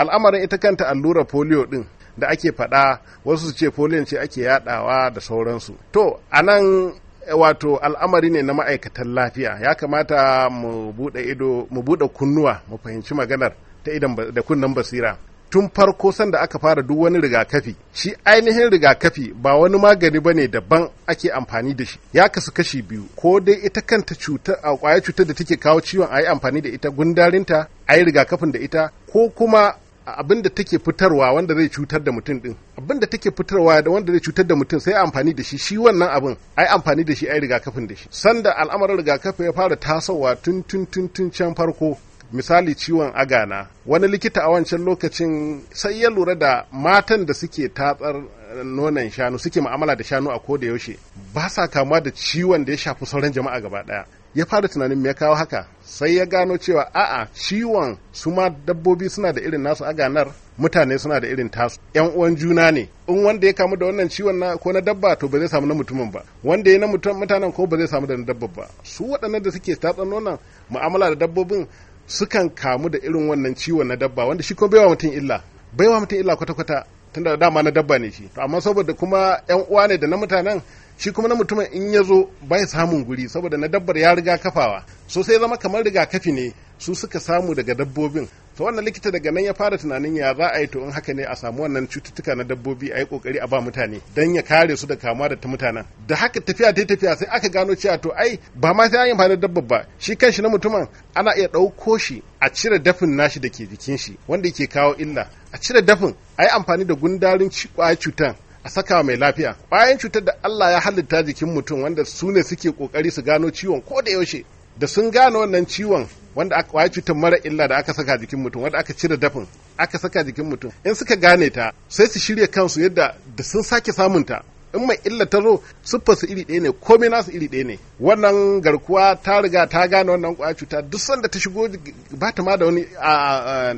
al'amarin ita kanta allura polio din da ake faɗa wasu su ce polio ce ake yadawa da sauransu to anan eh, wato al'amari ne na ma'aikatan lafiya ya kamata mu buɗe ido mu buɗe kunnuwa mu fahimci maganar ta idan da kunnan basira tun farko sanda aka fara duk wani rigakafi shi ainihin rigakafi ba wani magani bane daban ake amfani da shi ya kasu kashi biyu ko dai ita kanta cutar a kwaya cutar da take kawo ciwon a yi amfani da ita gundarinta a yi rigakafin da ita ko kuma abin da take fitarwa wanda zai cutar da mutum din abin da take fitarwa da wanda zai cutar da mutum sai amfani da shi shi wannan abin ai amfani da shi ai rigakafin da shi sanda al'amarin rigakafi ya fara tasowa tun tun tun tun can farko misali ciwon agana wani likita a wancan lokacin sai ya lura da matan da suke tatsar eh, nonon shanu suke ma'amala da shanu a ko da yaushe ba sa kamuwa da ciwon da ya shafi sauran jama'a gaba daya ya fara tunanin me ya kawo haka sai ya gano cewa a'a ciwon su ma dabbobi suna da irin nasu aganar mutane suna da irin tasu yan uwan juna ne in wanda ya kamu da wannan ciwon na ko na dabba to ba zai samu na mutumin ba wanda ya na mutanen ko ba zai samu da na dabba ba su waɗannan da suke tatsan wannan mu'amala da dabbobin sukan kamu da irin wannan ciwon na dabba wanda shi ko baiwa mutum illa baiwa mutum illa kwata-kwata tunda dama na dabba ne shi to amma saboda kuma yan uwa ne da na mutanen shi kuma na mutumin in ya zo bai samun guri saboda na dabbar ya riga kafawa so sai zama kamar rigakafi ne su suka samu daga dabbobin to wannan likita daga nan ya fara tunanin ya za a yi to in haka ne a samu wannan cututtuka na dabbobi a yi kokari a ba mutane dan ya kare su da kamuwa da ta mutanen da haka tafiya ta tafiya sai aka gano cewa to ai ba ma sai an yi amfani da dabba ba shi kanshi na mutumin ana iya ɗauko shi a cire dafin nashi da ke jikin shi wanda yake kawo illa a cire dafin a yi amfani da gundarin cutan a saka mai lafiya bayan cutar da Allah ya halitta jikin mutum wanda su ne suke kokari su gano ciwon ko da yaushe da sun gane wannan ciwon wanda aka cutar mara illa da aka saka jikin mutum wanda aka cire dafin aka saka jikin mutum in suka gane ta sai su shirya kansu yadda da sun sake samun ta in mai illa ta zo siffar su iri ɗaya ne komai nasu iri ɗaya ne wannan garkuwa ta riga ta gane wannan kwaya cuta duk sanda ta shigo ba ta ma da wani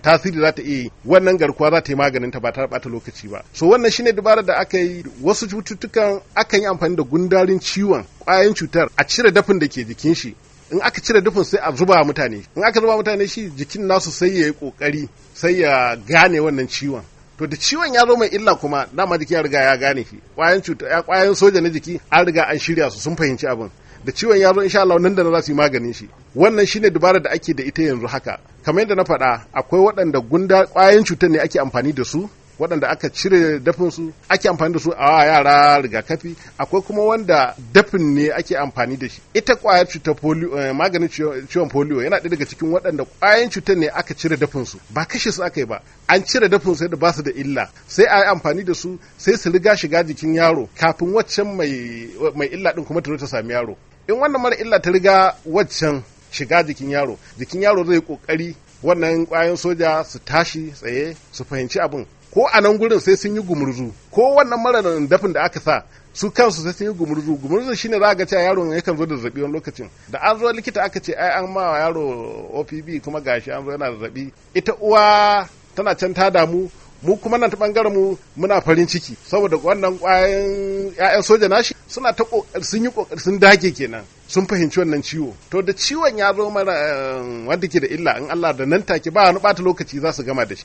tasiri za ta iya yi wannan garkuwa za ta yi maganin ta ba ta bata lokaci ba so wannan shine dabarar da aka yi wasu cututtukan akan yi amfani da gundarin ciwon kwayan cutar a cire dafin da ke jikin shi in aka cire dufin sai a zuba mutane in aka zuba mutane shi jikin nasu sai ya yi kokari sai ya gane wannan ciwon to da ciwon ya zo mai illa kuma dama jiki ya riga ya gane shi kwayan cuta kwayan soja na jiki an riga an shirya su sun fahimci abin da ciwon ya zo insha Allah nan da na za su yi maganin shi wannan shine dubara da ake da ita yanzu haka kamar yadda na faɗa akwai waɗanda gunda kwayan cutar ne ake amfani da su waɗanda aka cire dafin su ake amfani da su a yara rigakafi akwai kuma wanda dafin ne ake amfani da shi ita kwayar cutar polio eh, maganin ciwon polio yana ɗaya daga cikin waɗanda kwayan cutar ne aka cire dafin su ba kashe su aka yi ba an cire dafin su da ba su da illa sai a yi amfani da su sai su riga shiga jikin yaro kafin waccan mai illa din kuma ta ta sami yaro in wannan mara illa ta riga waccan shiga jikin yaro jikin yaro zai kokari wannan kwayan soja su tashi tsaye su fahimci abin ko a nan gurin sai sun yi gumurzu ko wannan mararin dafin da aka sa su kansu sai sun yi gumurzu gumurzu shine za ga cewa yaron yakan zo da zazzabi wani lokacin da an zo likita aka ce ai an ma yaro OPB kuma gashi an zo yana da zazzabi ita uwa tana can ta damu mu kuma nan ta bangaren mu muna farin ciki saboda wannan kwayan ƴaƴan soja nashi suna ta sun yi kokari sun dage kenan sun fahimci wannan ciwo to da ciwon ya zo mara eh, wanda ke da illa in Allah da nan take ba wani bata lokaci za su gama da shi